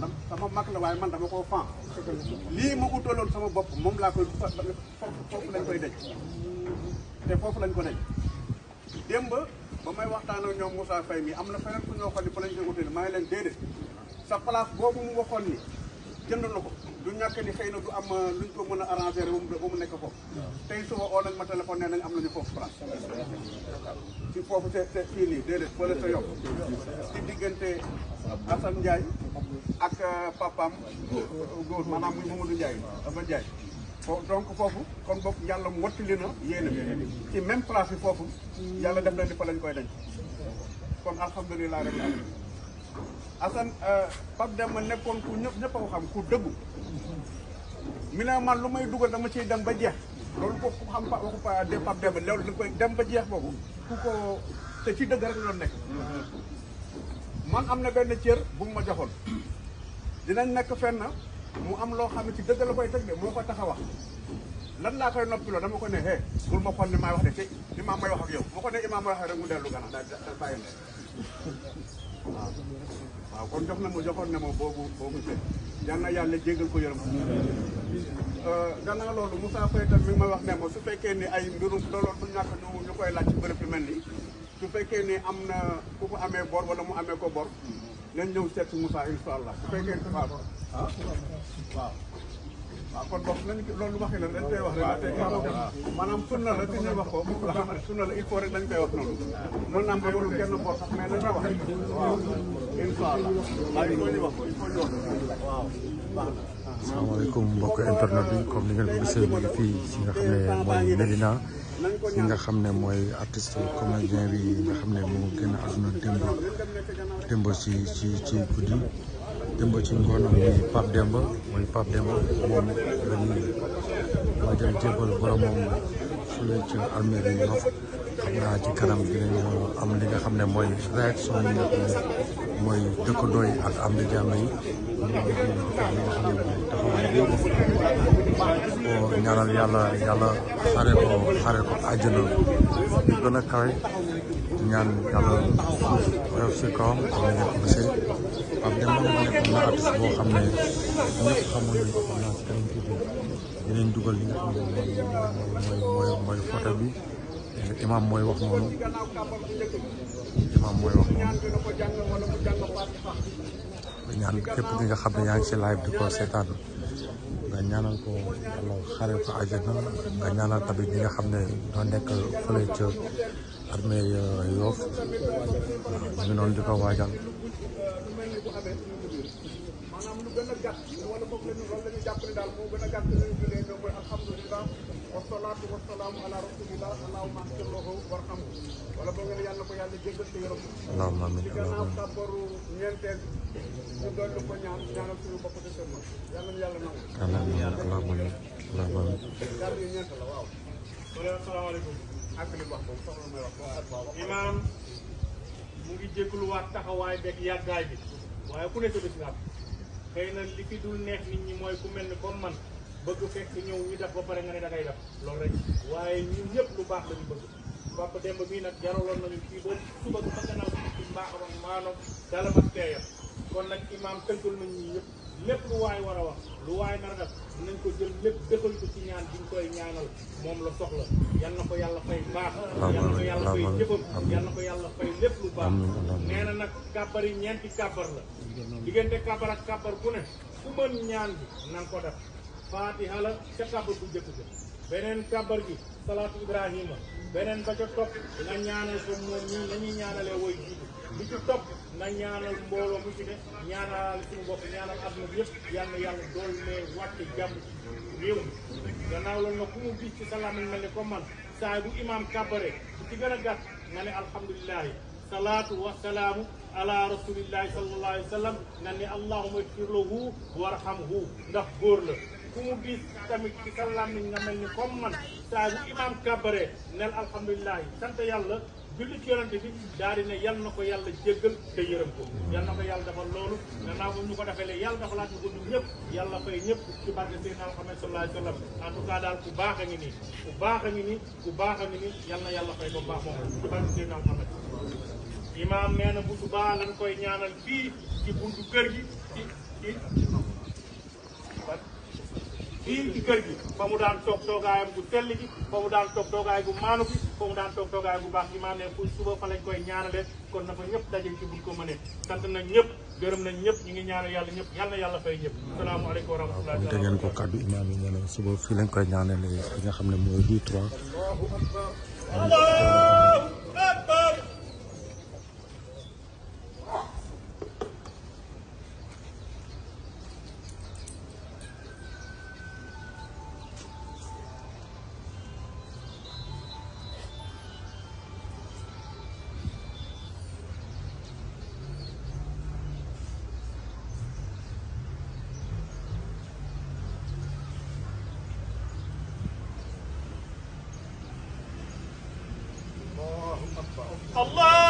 man sama mag la waaye man dama koo fan lii ma utaloon sama bopp moom laa koy foofu lañ koy dej te foofu lañ ko dej démb ba may waxtaan ak ñoom Moussa Faye am na feneen ku ñoo xam ne fa lañ koy utale maa ngi leen déedéet sa place boobu mu waxoon ni jënd na ko du ñàkk ni xëy na du am euh, luñ ko mën a arranger ba mu nekk foofu tey suba oo nañ ma téléphone nee nañ am nañu foofu place foofu te te fii nii déedéet fële sa yokk ci diggante Assane Ndiaye ak euh, papaam euh, góor maanaam muy Mamadou Ndiaye Aba Ndiaye foofu donc foofu kon boog yàlla mu wattali na yéena bi ci même place yi foofu yàlla def na ni fa lañ koy dañ kon alhamdulilah rabbil alamin Assane euh, Pape Demba nekkoon ku ñëpp ñëpp a ko xam ku dëggu mi ne man lu may dugal dama ciy dem ba jeex loolu ko ku xam waxu pa dem Pape Demba loolu da koy dem ba jeex boobu ku ko te ci dëgg rek la doon nekk. man am na benn cër bu mu ma joxoon dinañ nekk fenn mu am loo xam ne ci dëgg la koy teg de moo ko tax lan laa koy noppiloo dama ko ne hee bul ma xool ni may wax de te imaam may wax ak yow bu ko ne mu dellu gannaaw daal daal bàyyi waaw waaw kon jox na ma joxoon na ma boobu boobu se yal na yàlla jégal ko yërëm euh, gannaaw loolu Moussa Faye tam mi ngi may wax ne ma su fekkee ni ay mbirum doloon bu ñàkk ñu ñu koy laaj ci bërëb yu mel nii su fekkee ni am na ku ko amee bor wala mu amee ko bor nañ ñëw seet Moussa incha allah su fekkee waaw ah? waaw waaw ah, kon boog nañu loolu waxi ah, la ko internet bi comme ni ngeen ko gisee ñu fii si nga xam ne mooy Medina si nga xam ne mooy artiste comédien bi nga xam ne moo génn àdduna démb démb si ci ci guddi. démb ci ngoon muy Pape Demba muy Pape Demba moom la ñuy mooy dem jébbal boromam fële ci armée yi Yoff xam naa ci kanam dinañu am li nga xam ne mooy réaction yi nga xam ne mooy dëkkandoo yi ak am na jàmm yi xam ne mooy taxawaay boobu ñaanal yàlla yàlla xare ko xare ko àjjana ñu gën a kawe ñaan xam ne dinañ dugal li bi imam mooy wax noonu imam képp ki nga xam ne yaa ngi si live di ko seetaan nga ñaanal ko yàlla xare ko àjjana nga ñaanal tamit ñi nga xam ne ñoo nekk fële ca armée euh, Yoff ñu ngi noonu di ko waajal wasalaatu wasalaamu ala rasulillah allahumma axfirlahu warhamhu wala boo ngeen yàlla ko yàlla jéggal te yërëm allahumma amiin ci gannaaw sàbbaru ñeenteel ñu doon lu ko ñaan ñaanal suñu bopp de sëmma yàlla yàlla nangu allahumma amiin allahumma amiin kàddu yi ñeent la waaw wala asalaamaaleykum àggali wax boobu soxla imaam mu ngi jégaluwaat taxawaay beeg yàggaay bi waaye ku nekk bis nga xëy na li fi dul neex nit ñi mooy ku mel ni comme man bëgg fekk ñëw ñu def ba pare nga ne da ngay loolu rek waaye ñun ñëpp lu baax la ñu bëgg. Papa Demba bii nag jaraloon nañu kii ba suba ba gannaaw bi mbaaxam ak maanoom dala ma teeyam kon nag imaam tënkul nañ ñi ñëpp. lépp lu waay war a wax lu waay nar a def nañ ko jël lépp dëkkal ko ci ñaan bi ñu koy ñaanal moom la soxla yal na ko yàlla fay baax yal na ko yàlla fay jëfam yal na ko yàlla fay lépp lu baax nee na nag kàbbar yi ñeenti kàbbar la diggante kàbbar ak kàbbar bu ne ku mën ñaan bi na nga ko def faatiha la ca kàbbar bu njëkk ga beneen kàbbar gi salaatu ibrahima beneen ba ca topp nga ñaanal ko moom ñii nañuy ñaanalee woy jiitu bi ci topp na ñaanal mbooloo mu ci ne ñaanal suñu bopp ñaanal àdduna bi yëpp yal na yàlla dool mee wàcce jàmm réew mi gannaaw loolu nag ku mu gis ci salaam yi mel ne comme man saa bu imaam kàbbare ci gën a gàtt nga ne alhamdulilahi salaatu wa salaamu ala rasulillahi sallallahu alayhi wa sallam nga ne ndax góor la ku mu gis tamit ci sa làmmiñ nga mel ni comme man saa bu imaam kàbbare nel alhamdulilahi sant julli ci yonente bi daal yal na ko yàlla jéggal te yërëm ko yal na ko yàlla dafa loolu gannaaw bu ñu ko defee léegi yàlla dafa laat ñu ko dund ñëpp yàlla fay ñëpp ci barke Seydina Muhammad sallallahu alayhi wa sallam en tout cas daal ku baax a ngi nii ku baax a ngi nii ku baax a ngi ko baax moom ci barke Seydina Muhammad imaam nee na bu subaa lañ koy ñaanal fii ci buntu kër gi ci ci fii ci kër gi fa mu daan toog toogaayam bu tell gi fa mu daan toog toogaay bu maanu bi fa mu daan toog toogaay bu baax gi maa ne suba fa lañ koy ñaanale kon na fa ñëpp daje ci buñ ko mënee sant nañ ñëpp gërëm nañ ñëpp ñu ngi ñaanal yàlla ñëpp yal na yàlla fay ko kàddu imaam yi nee suba fii lañ koy ñaanale li nga xam ne mooy rue 3 الله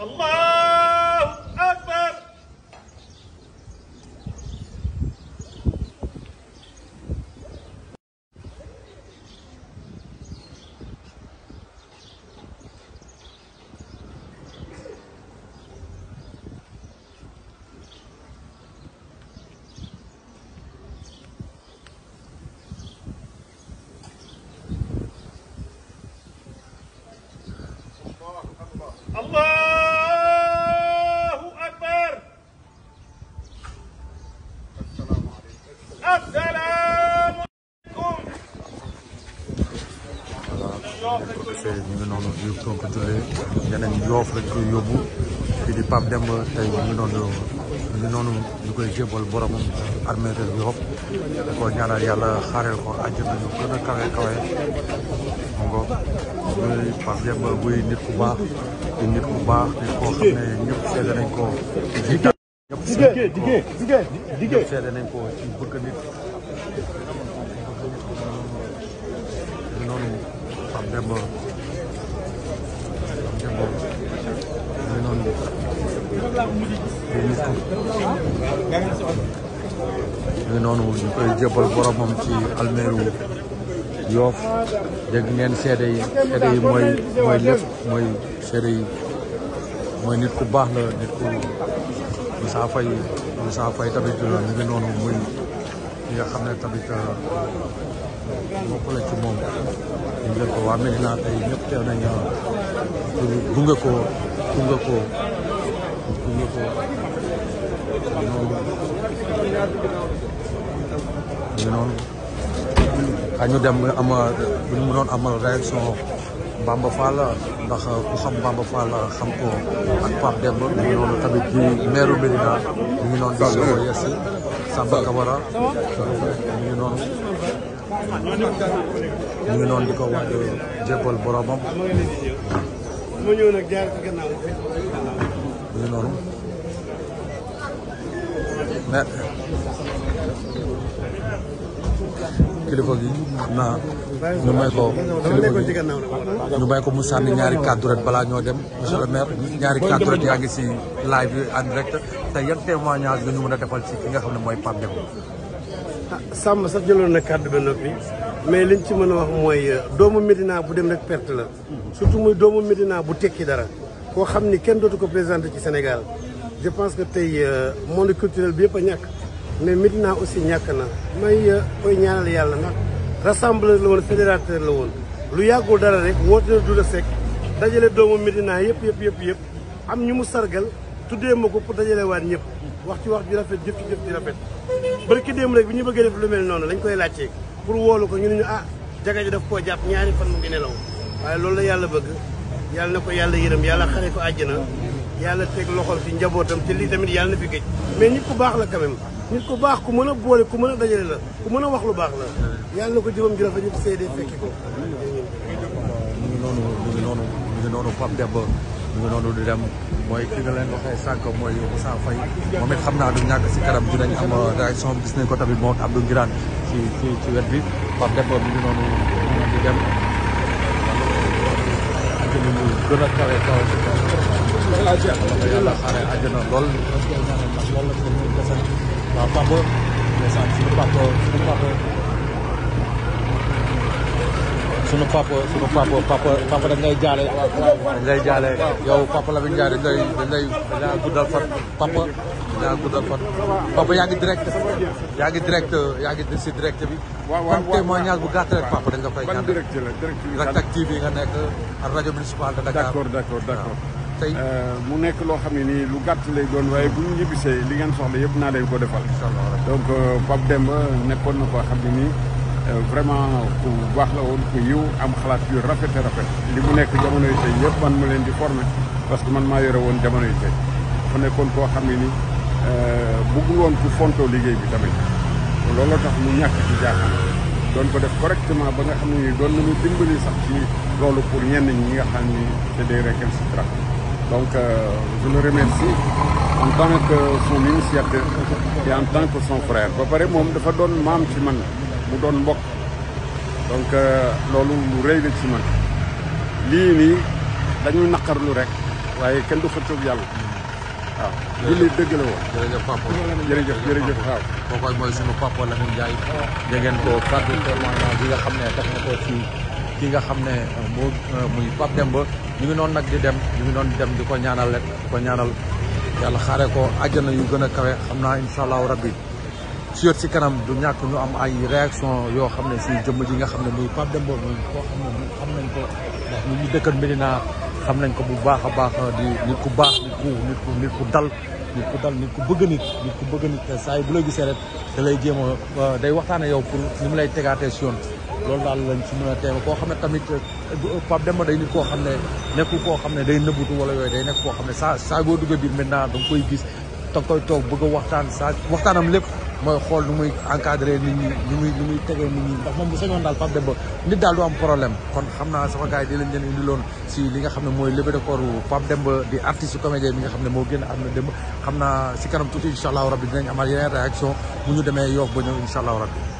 Allah defee ñu ko jullee ñeneen yoof lañ koy yóbbu fii di Pape Demba ñu noonu ñu noonu ñu koy jébbal boromam armée de Yoff di ko ñaanal yàlla xaareel ko àjjana ñu gën a kawe kawe mu ngo muy Pape Demba buy nit ku baax nit ku xam ne ñëpp seede nañ ko ci ñëpp seede nañ ko ci noonu Pape Demba Pape Demba ñu noonu de ñu noonu ñu ci almeeru Yoof dégg ngeen seede yi seede mooy mooy lépp mooy seede mooy nit ku baax la nit ku Moussa Faye Moussa Faye tamit ñu noonu muy li nga xam ne tamit bokk la ci moom ñu jël ko waa Medina tey ñëpp teew nañ pour gunge ko gunge ko gunge ko noonu noonu xëy ñu dem am bu ñu mënoon amal réaction Bamba Fall ndax ku xam Bamba Fall xam ko ak Pape Demba ñu ngi noonu tamit di maire Medina ñu ngi noonu di soo yesi Samba Kabara ñu ngi noonu ñu ngi noonu di ko wax euh, jébbal boromam. mu ñëw nag jaar ci gannaaw mu ngi noonu. mais kilifa gi may ko kilifa gi ñu mu sànni ñaari kàddu balaa ñoo dem monsieur le maire ñaari kàddu rek yaa ngi si live en direct te yan témoignage nga ñu mën a defal ci ki nga xam ne mooy Pape Ah, sàmm sax jëloon na kàddu ba noppi mais liñ ci mën a wax mooy euh, doomu Médina bu dem rek perte la surtout muy doomu Médina bu tekki dara koo xam ni kenn dootu ko présenté ci Sénégal je pense que tey euh, monde culturel bi yëpp a ñàkk mais Médina aussi ñàkk na may euh, koy ñaanal yàlla ndax rassembleur la woon fédérateur la woon lu yàggul dara rek woote na du la sekk dajale doomu Médina yëpp yëpp yëpp yëpp am ñu mu sargal tuddee ma ko pour dajale waat ñëpp wax ci wax ju rafet jëf ci jëf ci rafet barki démb rek bi ñu bëggee def lu mel noonu lañ koy laajtee pour woolu ko ñu ne ñu ah jaga ji daf koo jàpp ñaari fan mu ngi nelaw waaye loolu la yàlla bëgg yàlla na ko yàlla yërëm yàlla xare ko àjjana yàlla teg loxol ci njabootam te lii tamit yàlla na fi géej mais nit ku baax la quand même nit baax ku mën a boole ku mën a dajale la ku mën a wax lu baax la yàlla na ko jëfam ju rafet ñëpp seede fekki ko mu ngi noonu mu ngi noonu mu ngi noonu Pape mu ngi noonu di dem mooy ki nga leen waxee sànq mooy Moussa Faye moom it xam naa du ñàkk si kanam dinañ am euh, réaction gis nañ ko tamit moom Abdou Ngiraan ci ci ci bi Pape Demba mi ngi noonu di dem àjjana ñu gën a kawe kaw si kaw yàlla sunu papa sunu papa papa papa dañ lay jaale. dañ lay jaale yow papa Lamine Ndiaye dañ lay dañ lay dañ laa guddal fan papa dañ laa guddal fan papa yaa ngi direct yaa ngi direct yaa ngi si direct bi. waaw waaw kon témoignage bu gàtt rek papa dañ la fay. ñaan direct la direct bi Dak TV nga nekk ak rajo municipal de Dakar. d'accord d'accord d'accord tey euh, mu nekk loo xam ne nii lu gàtt lay doon waaye bu ñu ñibbisee li ngeen soxla yëpp naa leen ko defal. donc euh, Pape Demba nekkoon na koo xam ne nii. vraiment ku baax la woon ku yiw am xalaat yu rafet rafet li mu nekk jamono yi tey yëpp man ma leen di formé parce que man maa yore woon jamono yi tey nekkoon koo xam ne ni euh, bëggul woon ku fontoo liggéey bi tamit loolu tax mu ñàkk ci jaaxaan doon ko def correctement ba nga xam doon nañu dimbali sax ci loolu pour ñenn ñi nga xam ni c'est des récalcitrants donc euh, je le si en tant que son initiateur et en tant que son frère ba pare moom dafa doon maam ci man mu doon mbokk donc euh, loolu lu rëy la ci man lii nii dañuy naqarlu rek waaye kenn du xëccoog yàlla waaw. jullit dëgg la woon. jërëjëf papa jërëjëf jërëjëf waaw. kooku mooy sunu papa Lamine Ndiaye. dégg ngeen ko kàddu témoignage yi nga xam ne def na ko ci ki nga xam ne euh, moo euh, muy Pape Demba ñu ngi noon nag di dem ñu ngi noonu di dem di ko ñaanal rek di ko ñaanal yàlla xaare ko àjjana yu gën a kawe xam naa incha allahu rabbi si si kanam du ñàkk ñu am ay réaction yoo xam ne si jëmm ji nga xam ne muy Pape Demba Ndoye koo xam ne xam nañ ko ndax ñu ñu dëkkan Médina xam nañ ko bu baax a baax di nit ku baax nit nit ku nit ku dal nit ku dal nit ku bëgg nit ku bëgg nit saa bu la gisee rek da jéem a euh, day waxtaane yow pour mu lay tegaatee si yoon loolu daal lañ ci mën a koo xam ne tamit euh, Pape Demba day nit koo xam ne nekkul koo xam ne day nëbbutu wala yooyu day nekk koo xam ne saa saa boo duggee biir maintenant da koy gis da nga koy toog bëgg a waxtaan saa waxtaanam lépp mooy xool nu muy encadré nit ñi ñu muy ñu muy tegee nit ñi ndax moom bu sañoon daal Pape Demba nit daal du am problème kon xam naa sama gars yi di leen leen indi loon si li nga xam ne mooy levée de corps Pape Demba di artiste comédien bi nga xam ne moo génn am na démb xam naa si kanam tuuti incha allahu rabbi dinañ amaat yeneen réaction bu ñu demee yoof ba ñëw incha allahu rabbi